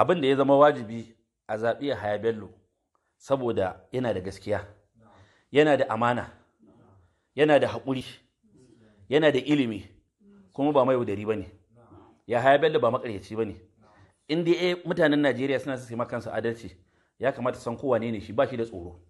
abin da ya zama wajibi a zaɓi Yahaya Bello saboda yana da gaskiya yana da amana yana da haƙuri yana da ilimi kuma ba mai wudari ba ne Yahaya Bello ba makaryaci ba ne in dai eh, mutanen Najeriya suna su makansu adalci ya kamata san kowa ne shi ba shi da tsoro